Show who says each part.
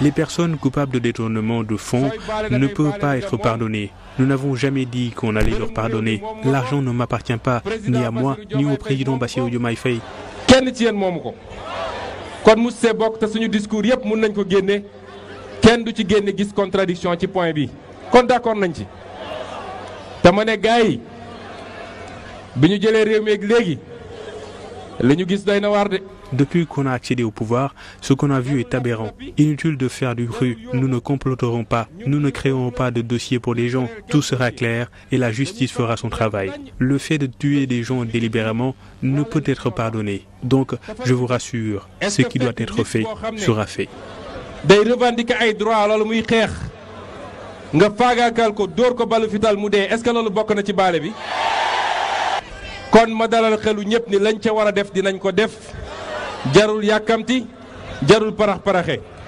Speaker 1: Les personnes coupables de détournement de fonds ne peuvent pas être pardonnées. Nous n'avons jamais dit qu'on allait leur pardonner. L'argent ne m'appartient pas, ni à moi,
Speaker 2: ni au président Bassirou moomu ko kon mu see bokk te suñu discours yëpp mun nañ ko génne kenn du ci génne gis contradiction ci point bi kon d'accord nañ ci te ma ne gars bi ñu jëlee réew mi ak léegi li ñu gis doy na Depuis qu'on a accédé au pouvoir, ce qu'on
Speaker 1: a vu est aberrant. Inutile de faire du bruit. Nous ne comploterons pas. Nous ne créerons pas de dossier pour les gens. Tout sera clair et la justice fera son travail. Le fait de tuer des gens délibérément ne peut être pardonné. Donc, je vous rassure, ce qui doit être fait sera fait.
Speaker 2: day revendiquer ay droit loolu muy xeex nga faagaakal ko door ko balu fital mu dee est-ce que loolu bokk na ci baale bi. kon ma dalal xelu ñëpp ni lañ ca war a def dinañ ko def jarul yàkkamti jarul parax-paraxe